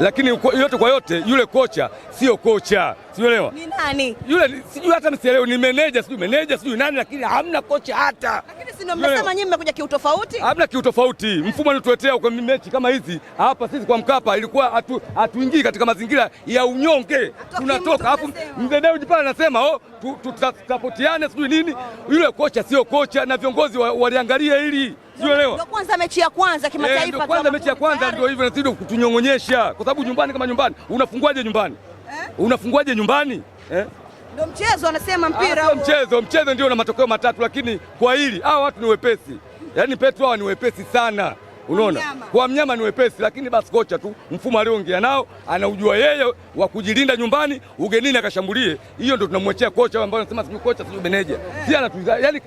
lakini yote kwa yote, yule kocha sio kocha, sielewa ni nani yule, sijui hata nisielewe, ni meneja, sijui meneja, sijui nani, lakini hamna kocha hata. Lakini si ndio mmesema nyinyi mmekuja kiutofauti? Hamna kiutofauti, mfumo anatuletea kwa mechi kama hizi hapa. Sisi kwa Mkapa ilikuwa hatuingii katika mazingira ya unyonge, tunatoka alafu mzeneji jipana anasema oh, tutasapotiane sijui nini. oh. Yule kocha sio kocha, na viongozi waliangalia hili, sielewa. Ndio kwanza mechi ya kwanza kimataifa, eh, ndio kwanza mechi ya kwanza, ndio hivyo, nazidi kutunyong'onyesha sababu nyumbani kama nyumbani unafunguaje nyumbani eh? unafunguaje nyumbani eh? Ndio mchezo anasema mpira ah, Mchezo mchezo ndio na matokeo matatu, lakini kwa hili hawa watu ni wepesi, yaani Petro hawa ni wepesi sana, unaona kwa mnyama ni wepesi, lakini basi kocha tu mfumo aliongea nao anaujua yeye wa kujilinda nyumbani, ugenini akashambulie. Hiyo ndio tunamwachia kocha ambaye anasema sijui kocha sijui meneja eh. si anatuza, yani,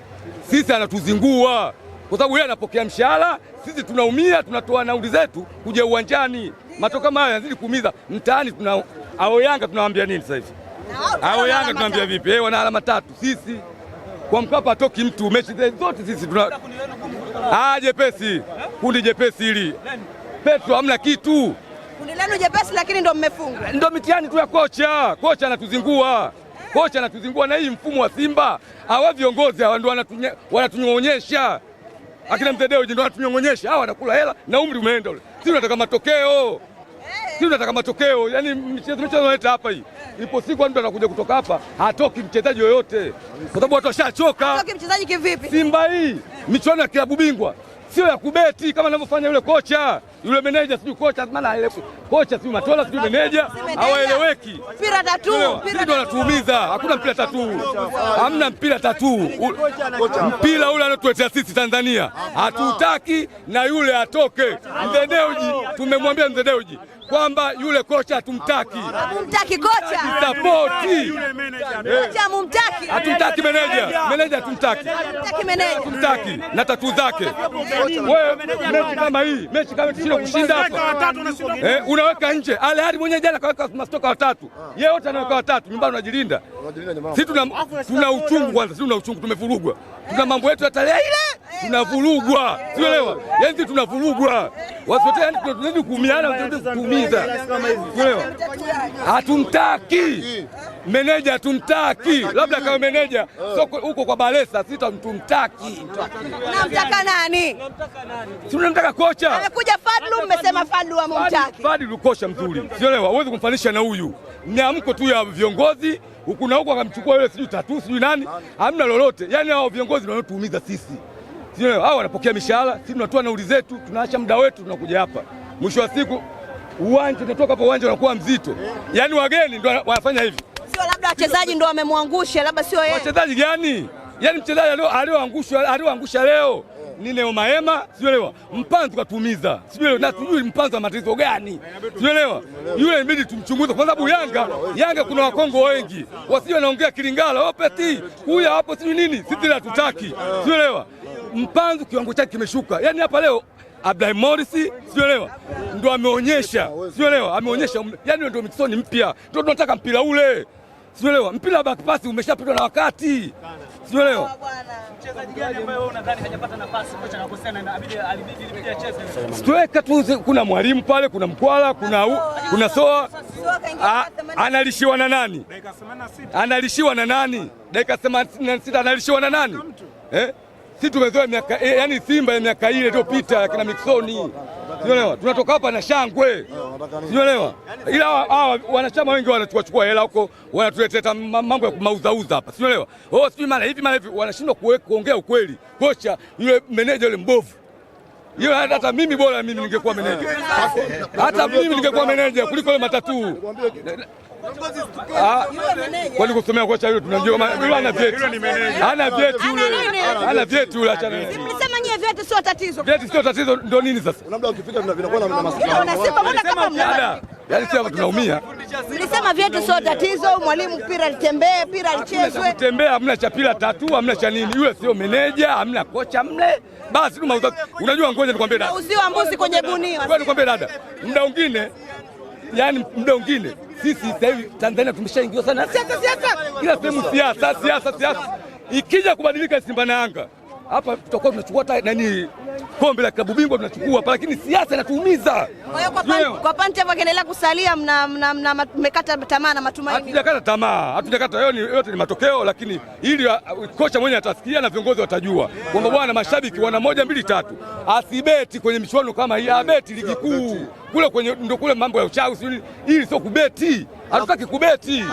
sisi anatuzingua kwa sababu yeye anapokea mshahara, sisi tunaumia, tunatoa nauli zetu kuja uwanjani matokeo kama haya yanazidi kuumiza mtaani. Tuna ao Yanga tunawaambia nini sasa hivi? Ao Yanga tunaambia vipi? Eh, wana alama tatu. Sisi kwa Mkapa atoki mtu, mechi zote sisi tuna ah, jepesi kundi jepesi hili Petro, hamna kitu. Kundi lenu jepesi, lakini ndo mmefunga, ndo mitihani tu ya kocha. Kocha anatuzingua kocha anatuzingua na hii mfumo wa Simba. Hawa viongozi hawa ndio wanatunyong'onyesha, akina Mzee Dewji ndio wanatunyong'onyesha. Hawa wanakula hela na umri umeenda ule, si nataka matokeo. Eh, eh. si tunataka matokeo. Yani michezo naleta hapa hii eh. siku mtu anakuja kutoka hapa hatoki mchezaji yoyote, kwa sababu watu washachoka. Hatoki mchezaji kivipi? Simba hii michuano ya klabu bingwa sio ya kubeti kama anavyofanya yule kocha yule meneja, sio kocha maana kocha sio Matola sio meneja, hawaeleweki. Mpira tatu ndio anatuumiza, hakuna mpira tatu, hamna mpira tatu. Mpira ule anatuletea sisi Tanzania hatutaki, na yule atoke. Mzee tumemwambia, mzedeuji kwamba yule kocha hatumtaki, hatumtaki kocha, sapoti eh. kocha, hamumtaki, hatumtaki meneja, meneja hatumtaki, hatumtaki na tatu zake. Wewe mechi kama hii, mechi kama tushinda kushinda hapa, eh, unaweka nje. Al hadi mwenyewe jana kaweka mastoka watatu, yeye wote anaweka watatu, nyumbani unajilinda. Sisi tuna tuna uchungu kwanza, sisi tuna uchungu, tumevurugwa, tuna mambo yetu ya tarehe ile, tunavurugwa, sielewa, yenzi, tunavurugwa wazidi kuumiana, kuumiza. Hatumtaki meneja, hatumtaki labda kama meneja soko huko kwa Balesa sita, tumtaki. Namtaka nani? Si mnamtaka kocha amekuja Fadlu, mmesema Fadlu hamumtaki. Fadlu kocha mzuri, sielewa, huwezi kumfanisha na huyu nyamko tu ya viongozi huku na huku, akamchukua yule sijui tatu sijui nani, hamna lolote. Yani hao viongozi ndio wanatuumiza sisi hao wanapokea mishahara, sisi tunatoa nauli zetu, tunaacha muda wetu, tunakuja hapa. Mwisho wa siku uwanja unatoka hapa, uwanja unakuwa mzito, yaani wageni ndio wanafanya hivi, sio labda wachezaji ndio wamemwangusha, labda sio yeye. Wachezaji gani? Yaani mchezaji alioangushwa alioangusha leo ni Nine mahema sielewa. Mpanzu katumiza. Sielewa na tujui wa matatizo gani. Sielewa. Yule inabidi tumchunguze kwa sababu Yanga, Yanga kuna Wakongo wengi. Wasije naongea Kilingala, opeti, oh, huyu hapo sijui nini. Sisi hatutaki. Sielewa. Mpanzu kiwango chake kimeshuka. Yaani hapa leo Abdai Morris sielewa, ndo ameonyesha sielewa, ameonyesha um, yani ndo Miksoni mpya, ndo tunataka mpira ule sielewa. Mpira wa back umeshapitwa na wakati Sielewi. tu kuna mwalimu pale, kuna mkwala, kuna kuna soa. Analishiwa na nani? Analishiwa na nani? Dakika 86 analishiwa na nani? Eh? Si tumezoea miaka eh, yani Simba ya miaka ile iliyopita kina Miksoni. Tunatoka hapa na shangwe sijuelewa, yaani ila hawa wanachama wengi wanachukuachukua hela huko, wanatuletea mambo ya kumauzauza hapa, sijuelewa. Oh, sijui maana hivi maana hivi, wanashindwa kuongea ukweli. Kocha yule meneja yule mbovu hiyo hata mimi bora mimi ningekuwa meneja, hata mimi ningekuwa meneja kuliko ile matatu. Ah, kwani kusomea kocha hilo tunajua, yule ana vyeti, ana vyeti yule, ana vyeti yule. Acha nini, mlisema nyie vyeti sio tatizo, vyeti sio tatizo. Ndio nini sasa, labda ukifika tunakuwa na masuala, yaani sio tunaumia Mlisema vyetu sio tatizo, mwalimu pira litembee, pira lichezwe. Kutembea hamna cha pira tatu, hamna cha nini. Yule sio meneja, hamna kocha mle. Basi tu mauzo. Unajua ngoja nikwambie dada. Usiwa mbuzi kwenye gunia. Ngoja nikwambie dada. Muda mwingine yani muda mwingine sisi sasa hivi Tanzania tumeshaingiwa sana siasa siasa. Kila sehemu siasa siasa siasa. Ikija kubadilika Simba na Yanga hapa tutakuwa tunachukua hata nani kombe la klabu bingwa tunachukua hapa, lakini siasa inatuumiza. Kwa pande hapa kiendelea kusalia, mmekata tamaa na matumaini? Hatujakata tamaa, hatujakata. Yote ni matokeo, lakini ili uh, kocha mwenyewe atasikia na viongozi watajua kwamba bwana, mashabiki wana moja mbili tatu, asibeti kwenye michuano kama hii, abeti ligi kuu kule kwenye, ndio kule mambo ya uchawi. ili sio kubeti, hatutaki kubeti.